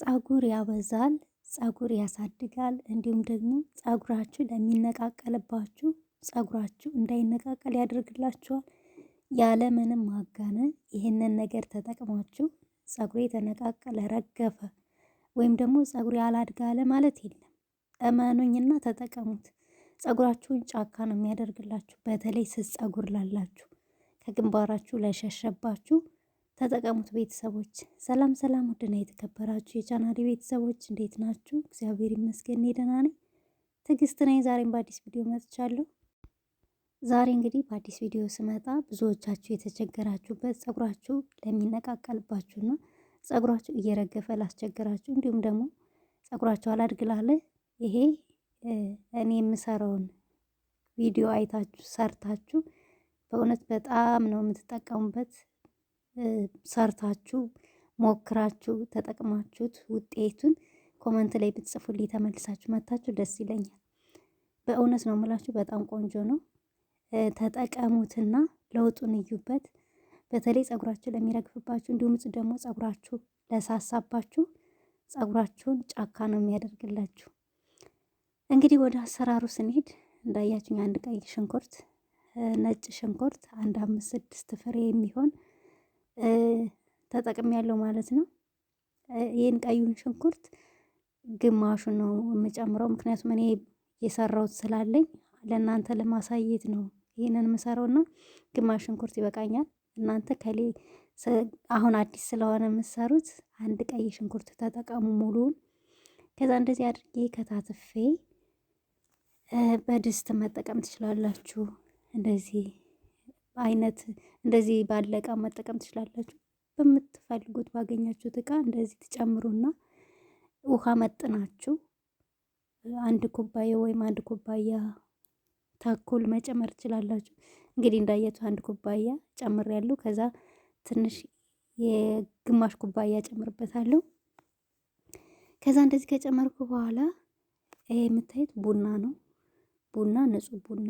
ፀጉር ያበዛል፣ ፀጉር ያሳድጋል። እንዲሁም ደግሞ ፀጉራችሁ ለሚነቃቀልባችሁ ፀጉራችሁ እንዳይነቃቀል ያደርግላችኋል። ያለምንም ማጋነን ይህንን ነገር ተጠቅማችሁ ፀጉሬ ተነቃቀለ፣ ረገፈ ወይም ደግሞ ፀጉሬ አላድጋለ ማለት የለም። እመኑኝና ተጠቀሙት። ፀጉራችሁን ጫካ ነው የሚያደርግላችሁ። በተለይ ስስ ፀጉር ላላችሁ፣ ከግንባራችሁ ለሸሸባችሁ ተጠቀሙት ቤተሰቦች። ሰላም ሰላም፣ ውድና የተከበራችሁ የቻናሌ ቤተሰቦች እንዴት ናችሁ? እግዚአብሔር ይመስገን እኔ ደህና ነኝ። ትዕግስት ነኝ። ዛሬም በአዲስ ቪዲዮ መጥቻለሁ። ዛሬ እንግዲህ በአዲስ ቪዲዮ ስመጣ ብዙዎቻችሁ የተቸገራችሁበት ጸጉራችሁ ለሚነቃቀልባችሁና ጸጉራችሁ እየረገፈ ላስቸገራችሁ እንዲሁም ደግሞ ጸጉራችሁ አላድግላለ ይሄ እኔ የምሰራውን ቪዲዮ አይታችሁ ሰርታችሁ በእውነት በጣም ነው የምትጠቀሙበት ሰርታችሁ ሞክራችሁ ተጠቅማችሁት ውጤቱን ኮመንት ላይ ብትጽፉልኝ ተመልሳችሁ መታችሁ ደስ ይለኛል። በእውነት ነው የምላችሁ፣ በጣም ቆንጆ ነው። ተጠቀሙትና ለውጡን እዩበት። በተለይ ጸጉራችሁ ለሚረግፍባችሁ፣ እንዲሁም ደግሞ ጸጉራችሁ ለሳሳባችሁ ጸጉራችሁን ጫካ ነው የሚያደርግላችሁ። እንግዲህ ወደ አሰራሩ ስንሄድ እንዳያችሁኝ አንድ ቀይ ሽንኩርት፣ ነጭ ሽንኩርት አንድ አምስት ስድስት ፍሬ የሚሆን ተጠቅሜያለሁ ማለት ነው። ይህን ቀዩን ሽንኩርት ግማሹን ነው የምጨምረው ምክንያቱም እኔ የሰራሁት ስላለኝ ለእናንተ ለማሳየት ነው ይህንን የምሰራውና ግማሽ ሽንኩርት ይበቃኛል። እናንተ ከሌ አሁን አዲስ ስለሆነ የምሰሩት አንድ ቀይ ሽንኩርት ተጠቀሙ ሙሉውን። ከዛ እንደዚህ አድርጌ ከታትፌ በድስት መጠቀም ትችላላችሁ እንደዚህ አይነት እንደዚህ ባለ እቃ መጠቀም ትችላላችሁ። በምትፈልጉት ባገኛችሁት እቃ እንደዚህ ትጨምሩና ውሃ መጥናችሁ አንድ ኩባያ ወይም አንድ ኩባያ ታኩል መጨመር ትችላላችሁ። እንግዲህ እንዳየቱ አንድ ኩባያ ጨምር ያለው ከዛ ትንሽ የግማሽ ኩባያ ጨምርበታለሁ። ከዛ እንደዚህ ከጨመርኩ በኋላ ይሄ የምታዩት ቡና ነው። ቡና ንጹህ ቡና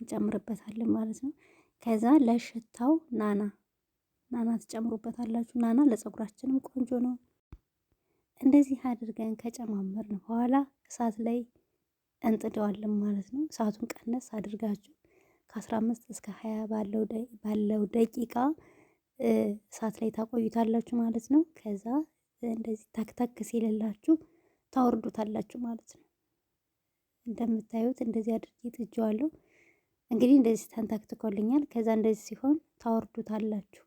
እንጨምርበታለን ማለት ነው። ከዛ ለሽታው ናና ናና ትጨምሩበታላችሁ። ናና ለፀጉራችንም ቆንጆ ነው። እንደዚህ አድርገን ከጨማመርን በኋላ እሳት ላይ እንጥደዋለን ማለት ነው። እሳቱን ቀነስ አድርጋችሁ ከ15 እስከ 20 ባለው ደቂቃ እሳት ላይ ታቆዩታላችሁ ማለት ነው። ከዛ እንደዚህ ተክተክ ሲልላችሁ ታወርዱታላችሁ ማለት ነው። እንደምታዩት እንደዚህ አድርጌ ጥጄዋለሁ። እንግዲህ እንደዚህ ተንተክትኮልኛል። ከዛ እንደዚህ ሲሆን ታወርዱታላችሁ።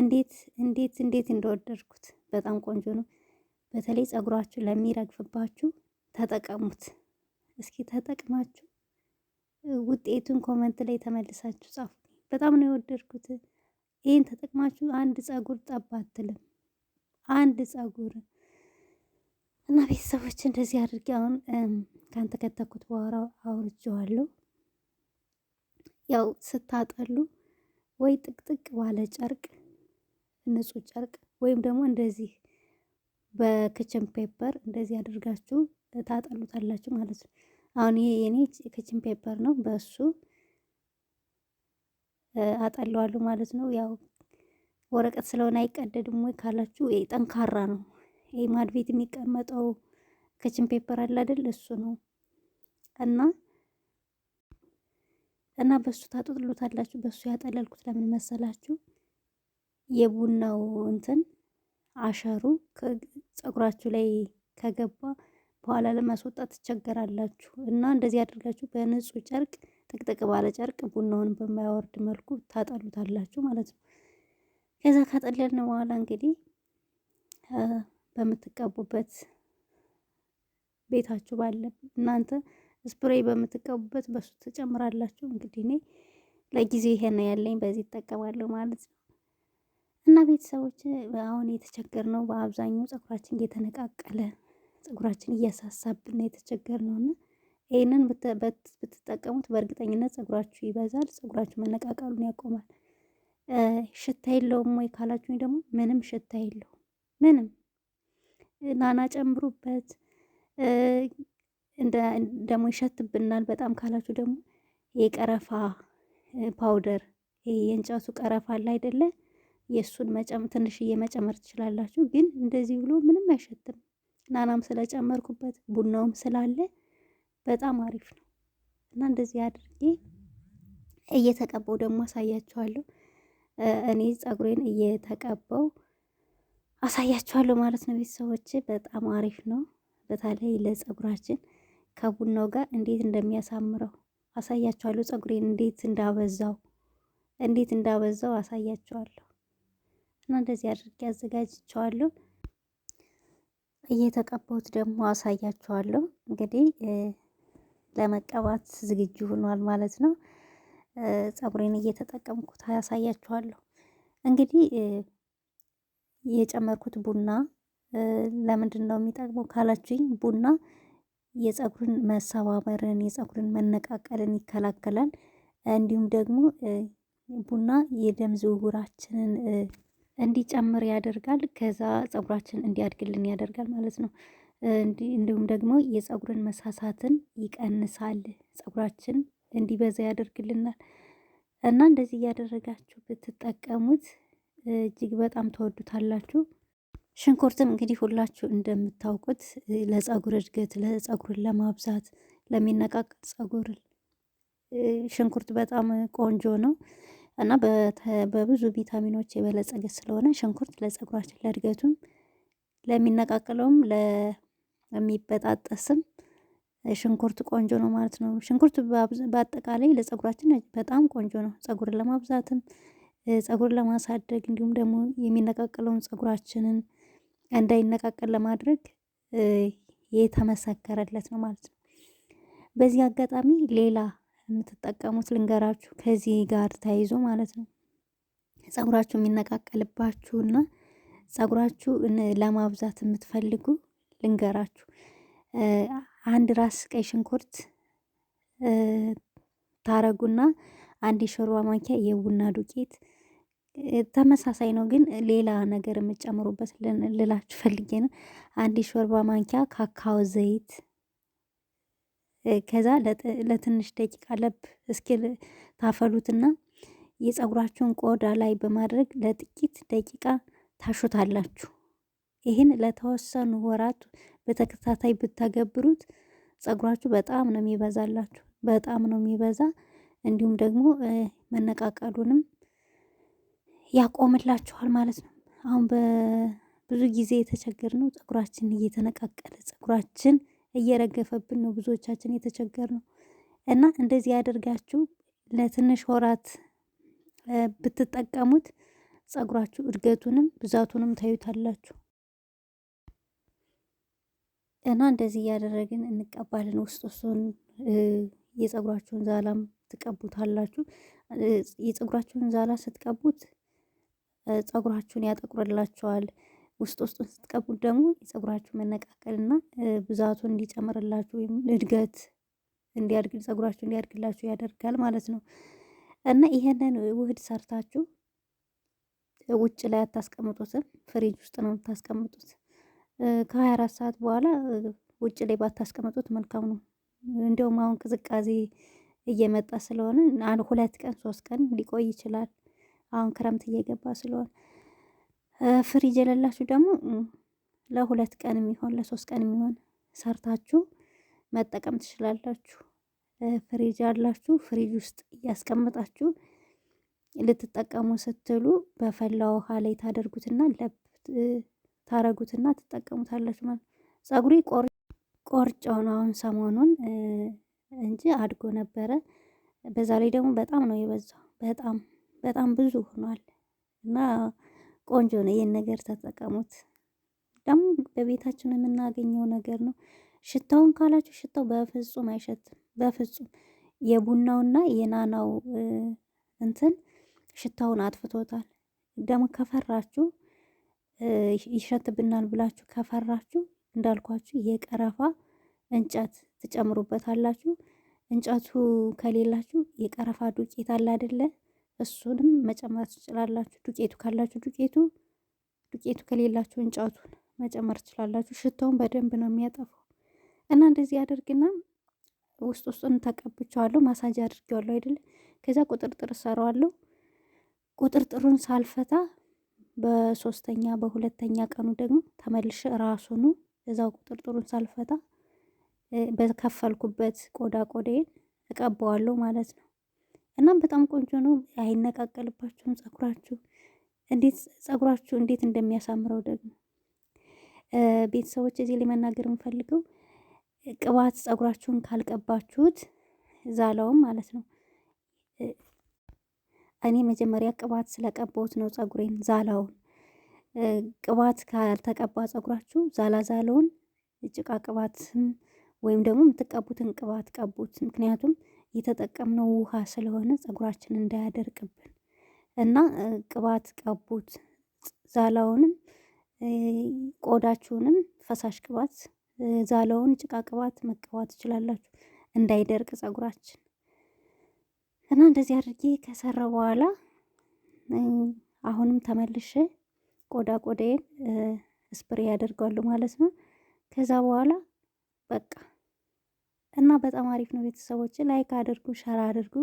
እንዴት እንዴት እንዴት እንደወደድኩት በጣም ቆንጆ ነው። በተለይ ጸጉራችሁ ለሚረግፍባችሁ ተጠቀሙት። እስኪ ተጠቅማችሁ ውጤቱን ኮመንት ላይ ተመልሳችሁ ጻፉ። በጣም ነው የወደድኩት። ይህን ተጠቅማችሁ አንድ ጸጉር ጠብ አትልም። አንድ ጸጉር እና ቤተሰቦች እንደዚህ አድርጌ አሁን ካንተ ከተኩት በኋላ ያው ስታጠሉ ወይ ጥቅጥቅ ባለ ጨርቅ ንጹህ ጨርቅ ወይም ደግሞ እንደዚህ በክችን ፔፐር እንደዚህ አድርጋችሁ ታጠሉታላችሁ ማለት ነው። አሁን ይሄ የኔ ክችን ፔፐር ነው። በሱ አጠለዋለሁ ማለት ነው። ያው ወረቀት ስለሆነ አይቀደድም ወይ ካላችሁ ጠንካራ ነው። ይሄ ማድቤት የሚቀመጠው ክችን ፔፐር አለ አይደል? እሱ ነው እና እና በሱ ታጠጥሉታላችሁ። በሱ ያጠለልኩት ለምን መሰላችሁ? የቡናው እንትን አሸሩ ፀጉራችሁ ላይ ከገባ በኋላ ለማስወጣት ትቸገራላችሁ እና እንደዚህ አድርጋችሁ በንጹህ ጨርቅ፣ ጥቅጥቅ ባለ ጨርቅ ቡናውን በማያወርድ መልኩ ታጠሉታላችሁ ማለት ነው። ከዛ ካጠለልን በኋላ እንግዲህ በምትቀቡበት ቤታችሁ ባለ እናንተ ስፕሬይ በምትቀቡበት በሱ ትጨምራላችሁ። እንግዲህ እኔ ለጊዜው ይሄ ነው ያለኝ፣ በዚህ ይጠቀማለሁ ማለት ነው። እና ቤተሰቦች አሁን የተቸገር ነው በአብዛኛው ፀጉራችን እየተነቃቀለ ፀጉራችን እያሳሳብን ነው እና ይህንን ብትጠቀሙት በእርግጠኝነት ፀጉራችሁ ይበዛል፣ ፀጉራችሁ መነቃቀሉን ያቆማል። ሽታ የለውም ወይ ካላችሁኝ ደግሞ ምንም ሽታ የለውም። ምንም ናና ጨምሩበት። ደግሞ ይሸትብናል በጣም ካላችሁ ደግሞ የቀረፋ ፓውደር የእንጨቱ ቀረፋ አለ አይደለ? የእሱን መጨመር ትንሽዬ መጨመር ትችላላችሁ። ግን እንደዚህ ብሎ ምንም አይሸትም። ናናም ስለጨመርኩበት ቡናውም ስላለ በጣም አሪፍ ነው እና እንደዚህ አድርጌ እየተቀባው ደግሞ አሳያችኋለሁ። እኔ ጸጉሬን እየተቀባው አሳያችኋለሁ ማለት ነው ቤተሰቦች። በጣም አሪፍ ነው፣ በተለይ ለጸጉራችን ከቡናው ጋር እንዴት እንደሚያሳምረው አሳያችኋለሁ። ፀጉሬን እንዴት እንዳበዛው እንዴት እንዳበዛው አሳያችኋለሁ። እና እንደዚህ አድርጌ አዘጋጅቸዋለሁ። እየተቀባሁት ደግሞ አሳያችኋለሁ። እንግዲህ ለመቀባት ዝግጁ ሆኗል ማለት ነው። ፀጉሬን እየተጠቀምኩት አሳያችኋለሁ። እንግዲህ የጨመርኩት ቡና ለምንድን ነው የሚጠቅመው ካላችሁኝ ቡና የፀጉርን መሰባበርን የፀጉርን መነቃቀልን ይከላከላል። እንዲሁም ደግሞ ቡና የደም ዝውውራችንን እንዲጨምር ያደርጋል። ከዛ ጸጉራችን እንዲያድግልን ያደርጋል ማለት ነው። እንዲሁም ደግሞ የፀጉርን መሳሳትን ይቀንሳል ጸጉራችን እንዲበዛ ያደርግልናል። እና እንደዚህ እያደረጋችሁ ብትጠቀሙት እጅግ በጣም ተወዱታላችሁ ሽንኩርትም እንግዲህ ሁላችሁ እንደምታውቁት ለጸጉር እድገት፣ ለጸጉርን ለማብዛት፣ ለሚነቃቀል ጸጉር ሽንኩርት በጣም ቆንጆ ነው እና በብዙ ቪታሚኖች የበለጸገ ስለሆነ ሽንኩርት ለጸጉራችን ለእድገቱም፣ ለሚነቃቀለውም፣ ለሚበጣጠስም ሽንኩርት ቆንጆ ነው ማለት ነው። ሽንኩርት በአጠቃላይ ለጸጉራችን በጣም ቆንጆ ነው። ጸጉርን ለማብዛትም፣ ጸጉርን ለማሳደግ እንዲሁም ደግሞ የሚነቃቀለውን ጸጉራችንን እንዳይነቃቀል ለማድረግ የተመሰከረለት ነው ማለት ነው። በዚህ አጋጣሚ ሌላ የምትጠቀሙት ልንገራችሁ፣ ከዚህ ጋር ተያይዞ ማለት ነው ጸጉራችሁ የሚነቃቀልባችሁና ጸጉራችሁ ለማብዛት የምትፈልጉ ልንገራችሁ፣ አንድ ራስ ቀይ ሽንኩርት ታረጉና አንድ የሾርባ ማንኪያ የቡና ዱቄት ተመሳሳይ ነው፣ ግን ሌላ ነገር የምጨምሩበት ልላችሁ ፈልጌ ነው። አንድ ሾርባ ማንኪያ ካካዎ ዘይት ከዛ ለትንሽ ደቂቃ ለብ እስኪ ታፈሉትና የፀጉራችሁን ቆዳ ላይ በማድረግ ለጥቂት ደቂቃ ታሹታላችሁ። ይህን ለተወሰኑ ወራት በተከታታይ ብታገብሩት ፀጉራችሁ በጣም ነው የሚበዛላችሁ፣ በጣም ነው የሚበዛ። እንዲሁም ደግሞ መነቃቀሉንም ያቆምላችኋል ማለት ነው። አሁን በብዙ ጊዜ የተቸገርነው ፀጉራችን እየተነቃቀለ ፀጉራችን እየረገፈብን ነው ብዙዎቻችን የተቸገርነው እና እንደዚህ ያደርጋችሁ ለትንሽ ወራት ብትጠቀሙት ፀጉራችሁ እድገቱንም ብዛቱንም ታዩታላችሁ። እና እንደዚህ እያደረግን እንቀባለን። ውስጥ ውስጡን የጸጉራችሁን ዛላም ትቀቡታላችሁ። የጸጉራችሁን ዛላ ስትቀቡት ጸጉራችሁን ያጠቁርላችኋል። ውስጥ ውስጡን ስትቀቡት ደግሞ የጸጉራችሁ መነቃቀልና ብዛቱን እንዲጨምርላችሁ ወይም እድገት እንዲያድግ ጸጉራችሁ እንዲያድግላችሁ ያደርጋል ማለት ነው። እና ይሄንን ውህድ ሰርታችሁ ውጭ ላይ አታስቀምጡትም፣ ፍሪጅ ውስጥ ነው የምታስቀምጡት። ከሀያ አራት ሰዓት በኋላ ውጭ ላይ ባታስቀምጡት መልካም ነው። እንዲሁም አሁን ቅዝቃዜ እየመጣ ስለሆነ አንድ ሁለት ቀን ሶስት ቀን ሊቆይ ይችላል። አሁን ክረምት እየገባ ስለሆነ ፍሪጅ የሌላችሁ ደግሞ ለሁለት ቀን የሚሆን ለሶስት ቀን የሚሆን ሰርታችሁ መጠቀም ትችላላችሁ። ፍሪጅ አላችሁ ፍሪጅ ውስጥ እያስቀመጣችሁ ልትጠቀሙ ስትሉ በፈላ ውሃ ላይ ታደርጉትና ለብ ታረጉትና ትጠቀሙታላችሁ ማለት ነው። ጸጉሪ ቆርጨው ነው አሁን ሰሞኑን እንጂ አድጎ ነበረ። በዛ ላይ ደግሞ በጣም ነው የበዛው በጣም በጣም ብዙ ሆኗል እና ቆንጆ ነው። ይህን ነገር ተጠቀሙት። ደግሞ በቤታችን የምናገኘው ነገር ነው። ሽታውን ካላችሁ ሽታው በፍጹም አይሸትም። በፍጹም የቡናውና የናናው እንትን ሽታውን አጥፍቶታል። ደግሞ ከፈራችሁ ይሸትብናል ብላችሁ ከፈራችሁ እንዳልኳችሁ የቀረፋ እንጨት ትጨምሩበታላችሁ። እንጨቱ ከሌላችሁ የቀረፋ ዱቄት አለ አይደለ? እሱንም መጨመር ትችላላችሁ። ዱቄቱ ካላችሁ ዱቄቱ፣ ዱቄቱ ከሌላችሁ እንጨቱን መጨመር ትችላላችሁ። ሽታውን በደንብ ነው የሚያጠፋው እና እንደዚህ አድርግና ውስጥ ውስጡን ተቀብቼዋለሁ። ማሳጅ አድርጌዋለሁ አይደለ? ከዛ ቁጥርጥር እሰራዋለሁ። ቁጥርጥሩን ሳልፈታ በሶስተኛ በሁለተኛ ቀኑ ደግሞ ተመልሽ ራሱኑ እዛው ቁጥርጥሩን ሳልፈታ በከፈልኩበት ቆዳ ቆዳዬን እቀባዋለሁ ማለት ነው። እናም በጣም ቆንጆ ነው፣ አይነቃቀልባችሁም ጸጉራችሁ። እንዴት ጸጉራችሁ እንዴት እንደሚያሳምረው ደግሞ ቤተሰቦች፣ እዚህ ላይ መናገር የምፈልገው ቅባት ጸጉራችሁን ካልቀባችሁት ዛላውም ማለት ነው። እኔ መጀመሪያ ቅባት ስለቀባሁት ነው ጸጉሬን ዛላውን። ቅባት ካልተቀባ ጸጉራችሁ ዛላ ዛላውን ጭቃ ቅባትም ወይም ደግሞ የምትቀቡትን ቅባት ቀቡት። ምክንያቱም የተጠቀምነው ውሃ ስለሆነ ጸጉራችን እንዳያደርቅብን እና ቅባት ቀቡት። ዛላውንም ቆዳችሁንም ፈሳሽ ቅባት ዛላውን ጭቃ ቅባት መቀባት ትችላላችሁ እንዳይደርቅ ፀጉራችን እና እንደዚህ አድርጌ ከሰራ በኋላ አሁንም ተመልሼ ቆዳ ቆዳዬን ስፕሬ ያደርጋሉ ማለት ነው። ከዛ በኋላ በቃ እና በጣም አሪፍ ነው። ቤተሰቦች ላይክ አድርጉ፣ ሸር አድርጉ።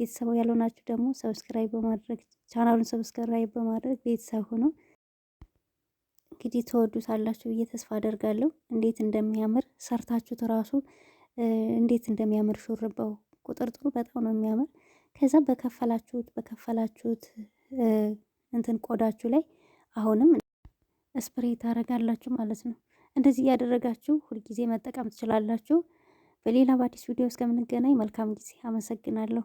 ቤተሰቡ ያልሆናችሁ ደግሞ ሰብስክራይብ በማድረግ ቻናሉን ሰብስክራይብ በማድረግ ቤተሰብ ሆኖ እንግዲህ ተወዱታላችሁ ብዬ ተስፋ አደርጋለሁ። እንዴት እንደሚያምር ሰርታችሁት ራሱ እንዴት እንደሚያምር ሹርባው ቁጥርጥሩ በጣም ነው የሚያምር። ከዛ በከፈላችሁት በከፈላችሁት እንትን ቆዳችሁ ላይ አሁንም ስፕሬይ ታደርጋላችሁ ማለት ነው። እንደዚህ እያደረጋችሁ ሁልጊዜ መጠቀም ትችላላችሁ። በሌላ በአዲስ ቪዲዮ እስከምንገናኝ መልካም ጊዜ። አመሰግናለሁ።